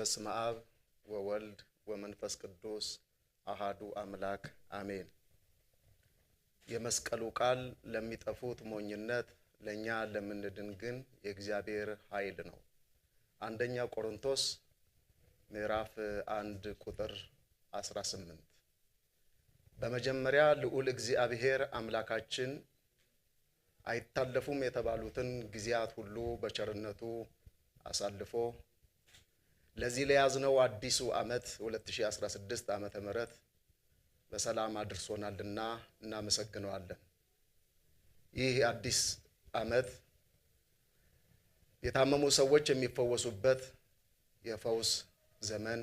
በስመ አብ ወወልድ ወመንፈስ ቅዱስ አሃዱ አምላክ አሜን። የመስቀሉ ቃል ለሚጠፉት ሞኝነት፣ ለእኛ ለምንድን ግን የእግዚአብሔር ኃይል ነው። አንደኛ ቆሮንቶስ ምዕራፍ አንድ ቁጥር 18 በመጀመሪያ ልዑል እግዚአብሔር አምላካችን አይታለፉም የተባሉትን ጊዜያት ሁሉ በቸርነቱ አሳልፎ ለዚህ ለያዝነው አዲሱ ዓመት 2016 ዓመተ ምህረት በሰላም አድርሶናልና እናመሰግነዋለን። ይህ አዲስ ዓመት የታመሙ ሰዎች የሚፈወሱበት የፈውስ ዘመን፣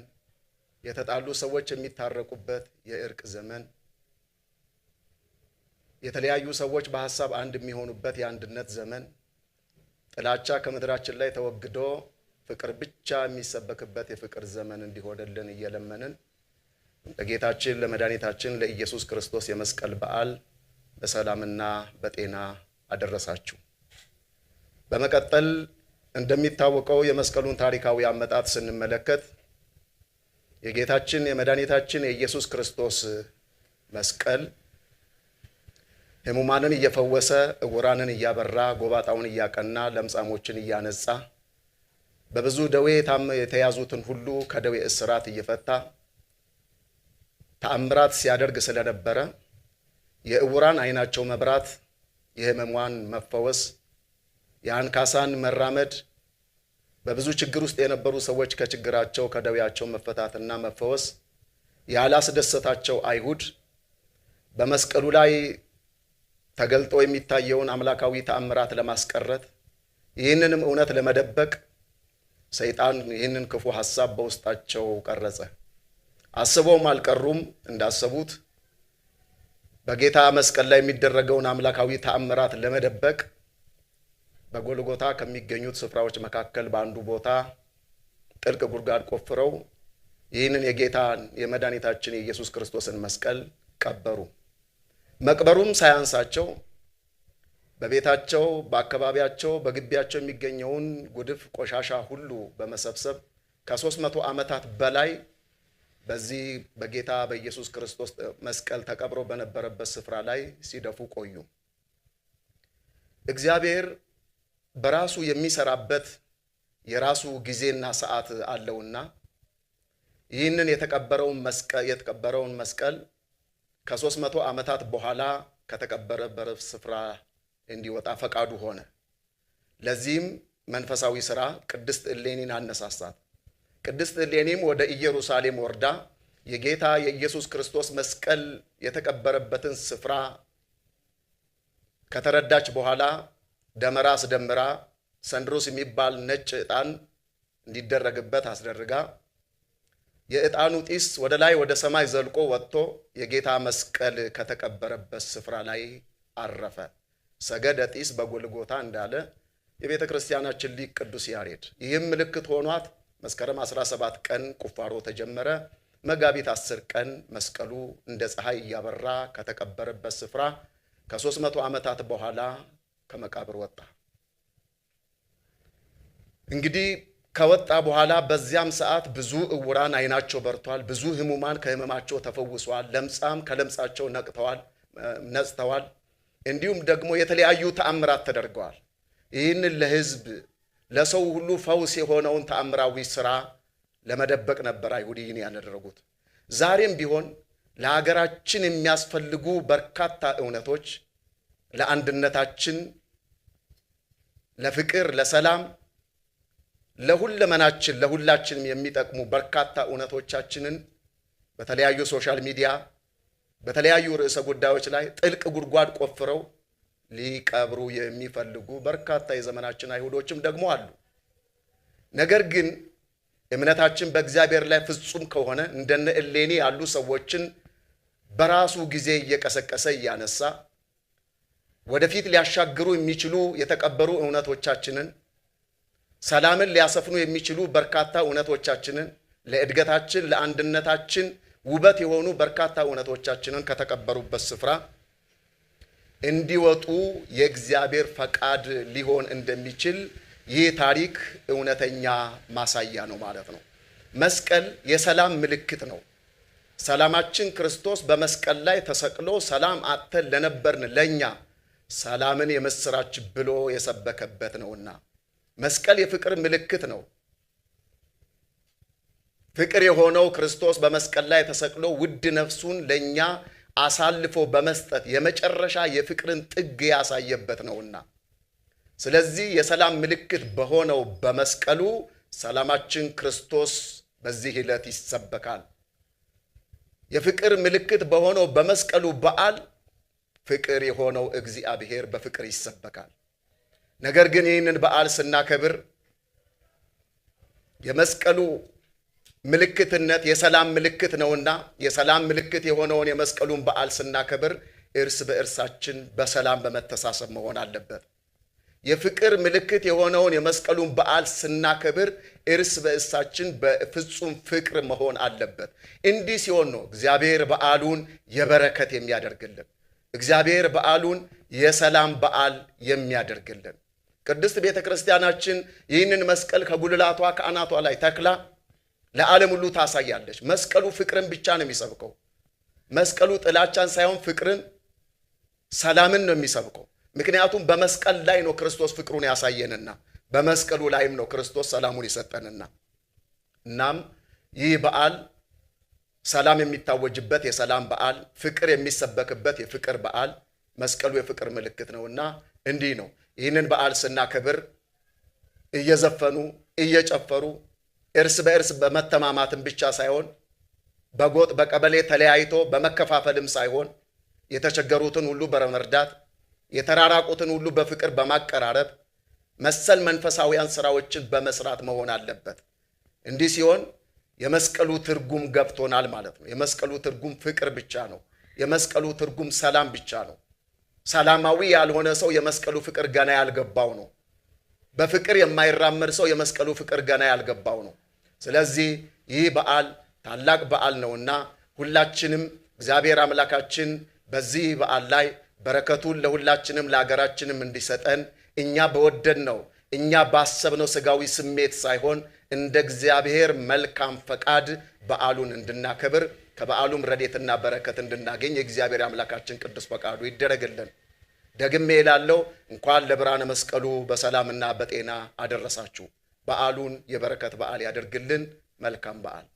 የተጣሉ ሰዎች የሚታረቁበት የእርቅ ዘመን፣ የተለያዩ ሰዎች በሀሳብ አንድ የሚሆኑበት የአንድነት ዘመን፣ ጥላቻ ከምድራችን ላይ ተወግዶ ፍቅር ብቻ የሚሰበክበት የፍቅር ዘመን እንዲሆንልን እየለመንን ለጌታችን ለመድኃኒታችን ለኢየሱስ ክርስቶስ የመስቀል በዓል በሰላምና በጤና አደረሳችሁ። በመቀጠል እንደሚታወቀው የመስቀሉን ታሪካዊ አመጣጥ ስንመለከት የጌታችን የመድኃኒታችን የኢየሱስ ክርስቶስ መስቀል ሕሙማንን እየፈወሰ ዕውራንን እያበራ ጎባጣውን እያቀና ለምጻሞችን እያነጻ በብዙ ደዌ የተያዙትን ሁሉ ከደዌ እስራት እየፈታ ተአምራት ሲያደርግ ስለነበረ የእውራን አይናቸው መብራት፣ የህመሟን መፈወስ፣ የአንካሳን መራመድ በብዙ ችግር ውስጥ የነበሩ ሰዎች ከችግራቸው ከደዌያቸው መፈታትና መፈወስ ያላስደሰታቸው አይሁድ በመስቀሉ ላይ ተገልጦ የሚታየውን አምላካዊ ተአምራት ለማስቀረት ይህንንም እውነት ለመደበቅ ሰይጣን ይህንን ክፉ ሀሳብ በውስጣቸው ቀረጸ። አስበውም አልቀሩም እንዳሰቡት በጌታ መስቀል ላይ የሚደረገውን አምላካዊ ተአምራት ለመደበቅ በጎልጎታ ከሚገኙት ስፍራዎች መካከል በአንዱ ቦታ ጥልቅ ጉድጓድ ቆፍረው ይህንን የጌታን የመድኃኒታችን የኢየሱስ ክርስቶስን መስቀል ቀበሩ። መቅበሩም ሳያንሳቸው በቤታቸው በአካባቢያቸው በግቢያቸው የሚገኘውን ጉድፍ ቆሻሻ ሁሉ በመሰብሰብ ከሦስት መቶ ዓመታት በላይ በዚህ በጌታ በኢየሱስ ክርስቶስ መስቀል ተቀብሮ በነበረበት ስፍራ ላይ ሲደፉ ቆዩ። እግዚአብሔር በራሱ የሚሰራበት የራሱ ጊዜና ሰዓት አለውና ይህንን የተቀበረውን መስቀል ከሶስት መቶ ዓመታት በኋላ ከተቀበረበት ስፍራ እንዲወጣ ፈቃዱ ሆነ። ለዚህም መንፈሳዊ ሥራ ቅድስት እሌኒን አነሳሳት። ቅድስት ዕሌኒም ወደ ኢየሩሳሌም ወርዳ የጌታ የኢየሱስ ክርስቶስ መስቀል የተቀበረበትን ስፍራ ከተረዳች በኋላ ደመራ አስደምራ ሰንድሮስ የሚባል ነጭ ዕጣን እንዲደረግበት አስደርጋ የዕጣኑ ጢስ ወደ ላይ ወደ ሰማይ ዘልቆ ወጥቶ የጌታ መስቀል ከተቀበረበት ስፍራ ላይ አረፈ። ሰገደ ጢስ በጎልጎታ እንዳለ የቤተ ክርስቲያናችን ሊቅ ቅዱስ ያሬድ ይህም ምልክት ሆኗት መስከረም 17 ቀን ቁፋሮ ተጀመረ። መጋቢት 10 ቀን መስቀሉ እንደ ፀሐይ እያበራ ከተቀበረበት ስፍራ ከ300 ዓመታት በኋላ ከመቃብር ወጣ። እንግዲህ ከወጣ በኋላ በዚያም ሰዓት ብዙ እውራን አይናቸው በርቷል። ብዙ ህሙማን ከህመማቸው ተፈውሰዋል። ለምጻም ከለምጻቸው ነቅተዋል ነጽተዋል። እንዲሁም ደግሞ የተለያዩ ተአምራት ተደርገዋል። ይህንን ለህዝብ ለሰው ሁሉ ፈውስ የሆነውን ተአምራዊ ስራ ለመደበቅ ነበር አይሁድ ይህን ያደረጉት። ዛሬም ቢሆን ለሀገራችን የሚያስፈልጉ በርካታ እውነቶች ለአንድነታችን፣ ለፍቅር፣ ለሰላም፣ ለሁለመናችን ለሁላችንም የሚጠቅሙ በርካታ እውነቶቻችንን በተለያዩ ሶሻል ሚዲያ በተለያዩ ርዕሰ ጉዳዮች ላይ ጥልቅ ጉድጓድ ቆፍረው ሊቀብሩ የሚፈልጉ በርካታ የዘመናችን አይሁዶችም ደግሞ አሉ። ነገር ግን እምነታችን በእግዚአብሔር ላይ ፍጹም ከሆነ እንደነ እሌኒ ያሉ ሰዎችን በራሱ ጊዜ እየቀሰቀሰ እያነሳ ወደፊት ሊያሻግሩ የሚችሉ የተቀበሩ እውነቶቻችንን፣ ሰላምን ሊያሰፍኑ የሚችሉ በርካታ እውነቶቻችንን ለእድገታችን፣ ለአንድነታችን ውበት የሆኑ በርካታ እውነቶቻችንን ከተቀበሩበት ስፍራ እንዲወጡ የእግዚአብሔር ፈቃድ ሊሆን እንደሚችል ይህ ታሪክ እውነተኛ ማሳያ ነው ማለት ነው። መስቀል የሰላም ምልክት ነው። ሰላማችን ክርስቶስ በመስቀል ላይ ተሰቅሎ ሰላም አጥተን ለነበርን ለእኛ ሰላምን የምስራች ብሎ የሰበከበት ነውና መስቀል የፍቅር ምልክት ነው። ፍቅር የሆነው ክርስቶስ በመስቀል ላይ ተሰቅሎ ውድ ነፍሱን ለእኛ አሳልፎ በመስጠት የመጨረሻ የፍቅርን ጥግ ያሳየበት ነውና፣ ስለዚህ የሰላም ምልክት በሆነው በመስቀሉ ሰላማችን ክርስቶስ በዚህ ዕለት ይሰበካል። የፍቅር ምልክት በሆነው በመስቀሉ በዓል ፍቅር የሆነው እግዚአብሔር በፍቅር ይሰበካል። ነገር ግን ይህንን በዓል ስናከብር የመስቀሉ ምልክትነት የሰላም ምልክት ነውና የሰላም ምልክት የሆነውን የመስቀሉን በዓል ስናከብር እርስ በእርሳችን በሰላም በመተሳሰብ መሆን አለበት። የፍቅር ምልክት የሆነውን የመስቀሉን በዓል ስናከብር እርስ በእርሳችን በፍጹም ፍቅር መሆን አለበት። እንዲህ ሲሆን ነው እግዚአብሔር በዓሉን የበረከት የሚያደርግልን፣ እግዚአብሔር በዓሉን የሰላም በዓል የሚያደርግልን። ቅድስት ቤተ ክርስቲያናችን ይህንን መስቀል ከጉልላቷ ከአናቷ ላይ ተክላ ለዓለም ሁሉ ታሳያለች። መስቀሉ ፍቅርን ብቻ ነው የሚሰብከው። መስቀሉ ጥላቻን ሳይሆን ፍቅርን፣ ሰላምን ነው የሚሰብከው። ምክንያቱም በመስቀል ላይ ነው ክርስቶስ ፍቅሩን ያሳየንና በመስቀሉ ላይም ነው ክርስቶስ ሰላሙን የሰጠንና እናም ይህ በዓል ሰላም የሚታወጅበት የሰላም በዓል፣ ፍቅር የሚሰበክበት የፍቅር በዓል፣ መስቀሉ የፍቅር ምልክት ነውና እንዲህ ነው። ይህንን በዓል ስናከብር እየዘፈኑ እየጨፈሩ እርስ በእርስ በመተማማትም ብቻ ሳይሆን በጎጥ በቀበሌ ተለያይቶ በመከፋፈልም ሳይሆን የተቸገሩትን ሁሉ በመርዳት የተራራቁትን ሁሉ በፍቅር በማቀራረብ መሰል መንፈሳዊያን ስራዎችን በመስራት መሆን አለበት። እንዲህ ሲሆን የመስቀሉ ትርጉም ገብቶናል ማለት ነው። የመስቀሉ ትርጉም ፍቅር ብቻ ነው። የመስቀሉ ትርጉም ሰላም ብቻ ነው። ሰላማዊ ያልሆነ ሰው የመስቀሉ ፍቅር ገና ያልገባው ነው። በፍቅር የማይራመድ ሰው የመስቀሉ ፍቅር ገና ያልገባው ነው። ስለዚህ ይህ በዓል ታላቅ በዓል ነውና ሁላችንም እግዚአብሔር አምላካችን በዚህ በዓል ላይ በረከቱን ለሁላችንም ለሀገራችንም እንዲሰጠን እኛ በወደድ ነው እኛ ባሰብነው ስጋዊ ስሜት ሳይሆን እንደ እግዚአብሔር መልካም ፈቃድ በዓሉን እንድናከብር ከበዓሉም ረዴትና በረከት እንድናገኝ የእግዚአብሔር አምላካችን ቅዱስ ፈቃዱ ይደረግልን። ደግሜ ላለው እንኳን ለብርሃነ መስቀሉ በሰላምና በጤና አደረሳችሁ። በዓሉን የበረከት በዓል ያደርግልን። መልካም በዓል